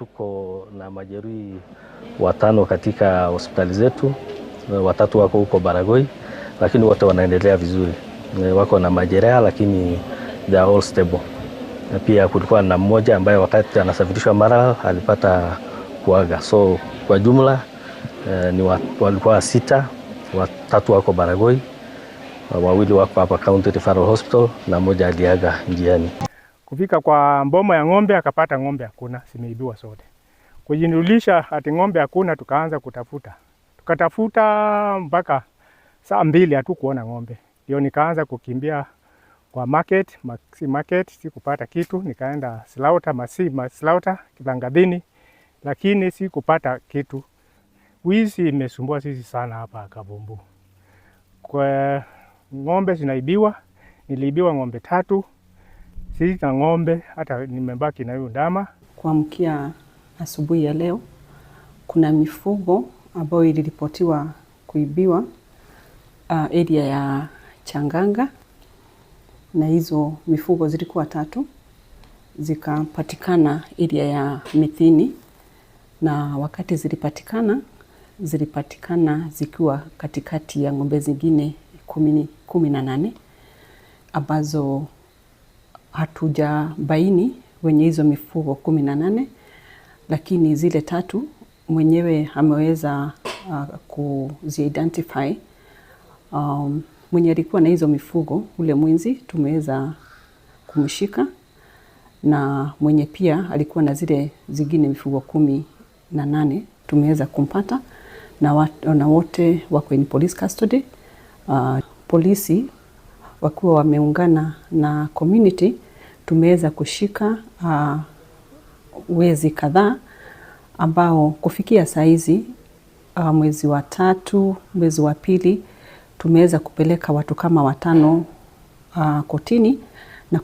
tuko na majeruhi watano katika hospitali zetu, watatu wako huko Baragoi, lakini wote wanaendelea vizuri, e, wako na majeraha lakini they are all stable. Na pia kulikuwa na mmoja ambaye wakati anasafirishwa mara alipata kuaga. So kwa jumla eh, ni walikuwa sita, watatu wako Baragoi, wawili wako hapa County Referral Hospital na mmoja aliaga njiani. Kufika kwa mboma ya ng'ombe akapata ng'ombe hakuna, simeibiwa sote. Kujinulisha ati ng'ombe hakuna, tukaanza kutafuta, tukatafuta mpaka saa mbili hatukuona ng'ombe, ndio nikaanza kukimbia kwa market, maxi market, sikupata kitu. Nikaenda slaughter, masi slaughter Kilangadhini, lakini sikupata kitu. Wizi imesumbua sisi sana hapa Kabumbu, kwa ng'ombe zinaibiwa. Niliibiwa ng'ombe tatu sina ng'ombe, hata nimebaki na hiyo ndama. Kuamkia asubuhi ya leo, kuna mifugo ambayo iliripotiwa kuibiwa uh, area ya Changanga, na hizo mifugo zilikuwa tatu zikapatikana area ya Mithini, na wakati zilipatikana zilipatikana zikiwa katikati ya ng'ombe zingine kumi na nane ambazo hatujabaini wenye hizo mifugo kumi na nane, lakini zile tatu mwenyewe ameweza uh, kuziidentify um, mwenye alikuwa na hizo mifugo, ule mwinzi tumeweza kumshika, na mwenye pia alikuwa na zile zingine mifugo kumi na nane tumeweza kumpata na, wat, na wote wako in police custody. Uh, polisi wakiwa wameungana na community tumeweza kushika uh, wezi kadhaa ambao kufikia saizi uh, mwezi wa tatu, mwezi wa pili tumeweza kupeleka watu kama watano uh, kotini